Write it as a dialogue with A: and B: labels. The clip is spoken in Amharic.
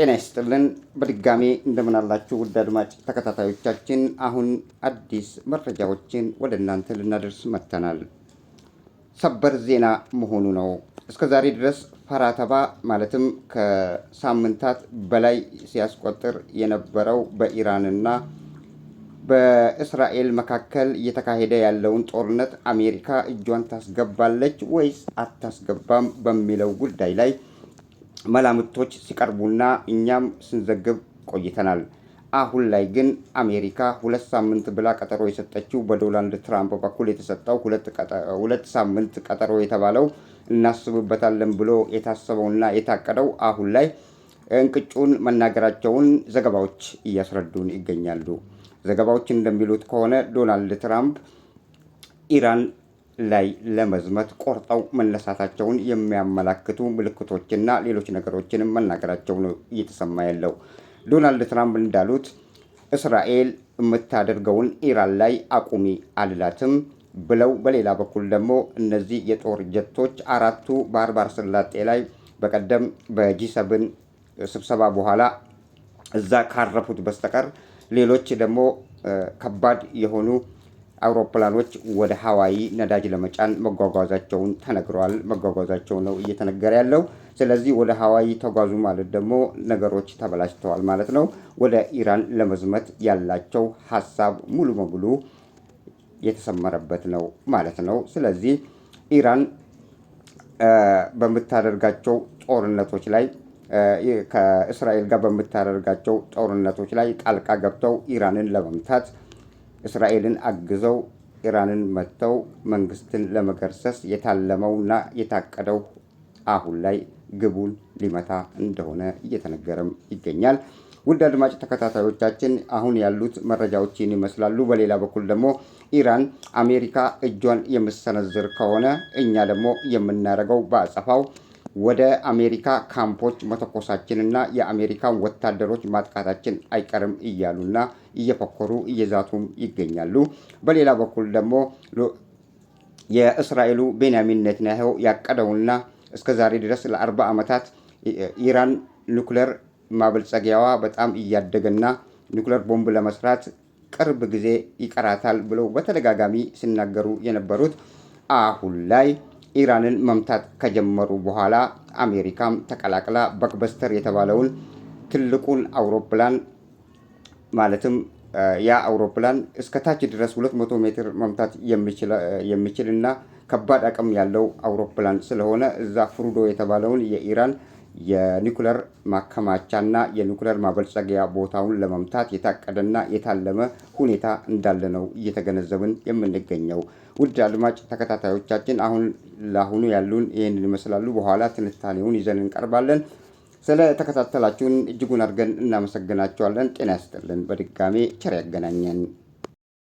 A: ጤና ይስጥልን በድጋሜ እንደምናላችሁ ውድ አድማጭ ተከታታዮቻችን፣ አሁን አዲስ መረጃዎችን ወደ እናንተ ልናደርስ መጥተናል። ሰበር ዜና መሆኑ ነው። እስከ ዛሬ ድረስ ፈራተባ ማለትም ከሳምንታት በላይ ሲያስቆጥር የነበረው በኢራንና በእስራኤል መካከል እየተካሄደ ያለውን ጦርነት አሜሪካ እጇን ታስገባለች ወይስ አታስገባም በሚለው ጉዳይ ላይ መላምቶች ሲቀርቡና እኛም ስንዘግብ ቆይተናል። አሁን ላይ ግን አሜሪካ ሁለት ሳምንት ብላ ቀጠሮ የሰጠችው በዶናልድ ትራምፕ በኩል የተሰጠው ሁለት ሳምንት ቀጠሮ የተባለው እናስብበታለን ብሎ የታሰበውና የታቀደው አሁን ላይ እንቅጩን መናገራቸውን ዘገባዎች እያስረዱን ይገኛሉ። ዘገባዎች እንደሚሉት ከሆነ ዶናልድ ትራምፕ ኢራን ላይ ለመዝመት ቆርጠው መነሳታቸውን የሚያመላክቱ ምልክቶችና ሌሎች ነገሮችንም መናገራቸው ነው እየተሰማ ያለው። ዶናልድ ትራምፕ እንዳሉት እስራኤል የምታደርገውን ኢራን ላይ አቁሚ አልላትም ብለው፣ በሌላ በኩል ደግሞ እነዚህ የጦር ጀቶች አራቱ በአረብ ስላጤ ላይ በቀደም በጂ ሰብን ስብሰባ በኋላ እዛ ካረፉት በስተቀር ሌሎች ደግሞ ከባድ የሆኑ አውሮፕላኖች ወደ ሀዋይ ነዳጅ ለመጫን መጓጓዛቸውን ተነግረዋል። መጓጓዛቸው ነው እየተነገረ ያለው። ስለዚህ ወደ ሀዋይ ተጓዙ ማለት ደግሞ ነገሮች ተበላሽተዋል ማለት ነው። ወደ ኢራን ለመዝመት ያላቸው ሀሳብ ሙሉ በሙሉ የተሰመረበት ነው ማለት ነው። ስለዚህ ኢራን በምታደርጋቸው ጦርነቶች ላይ ከእስራኤል ጋር በምታደርጋቸው ጦርነቶች ላይ ጣልቃ ገብተው ኢራንን ለመምታት እስራኤልን አግዘው ኢራንን መጥተው መንግስትን ለመገርሰስ የታለመውና የታቀደው አሁን ላይ ግቡን ሊመታ እንደሆነ እየተነገረም ይገኛል። ውድ አድማጭ ተከታታዮቻችን አሁን ያሉት መረጃዎችን ይመስላሉ። በሌላ በኩል ደግሞ ኢራን አሜሪካ እጇን የምሰነዝር ከሆነ እኛ ደግሞ የምናደርገው በአጸፋው ወደ አሜሪካ ካምፖች መተኮሳችንና የአሜሪካን ወታደሮች ማጥቃታችን አይቀርም እያሉና እየፈኮሩ እየዛቱም ይገኛሉ። በሌላ በኩል ደግሞ የእስራኤሉ ቤንያሚን ኔትንያሁ ያቀደውና እስከዛሬ ድረስ ለአርባ ዓመታት ኢራን ኑክሌር ማበልጸጊያዋ በጣም እያደገና ኑክሌር ቦምብ ለመስራት ቅርብ ጊዜ ይቀራታል ብለው በተደጋጋሚ ሲናገሩ የነበሩት አሁን ላይ ኢራንን መምታት ከጀመሩ በኋላ አሜሪካም ተቀላቅላ በክበስተር የተባለውን ትልቁን አውሮፕላን ማለትም ያ አውሮፕላን እስከ ታች ድረስ 200 ሜትር መምታት የሚችል እና ከባድ አቅም ያለው አውሮፕላን ስለሆነ እዛ ፍሩዶ የተባለውን የኢራን የኒኩለር ማከማቻና የኒኩለር ማበልጸጊያ ቦታውን ለመምታት የታቀደና የታለመ ሁኔታ እንዳለ ነው እየተገነዘብን የምንገኘው። ውድ አድማጭ ተከታታዮቻችን አሁን ለአሁኑ ያሉን ይህን ይመስላሉ። በኋላ ትንታኔውን ይዘን እንቀርባለን። ስለ ተከታተላችሁን እጅጉን አድርገን እናመሰግናቸዋለን። ጤና ያስጥልን። በድጋሜ ቸር ያገናኘን።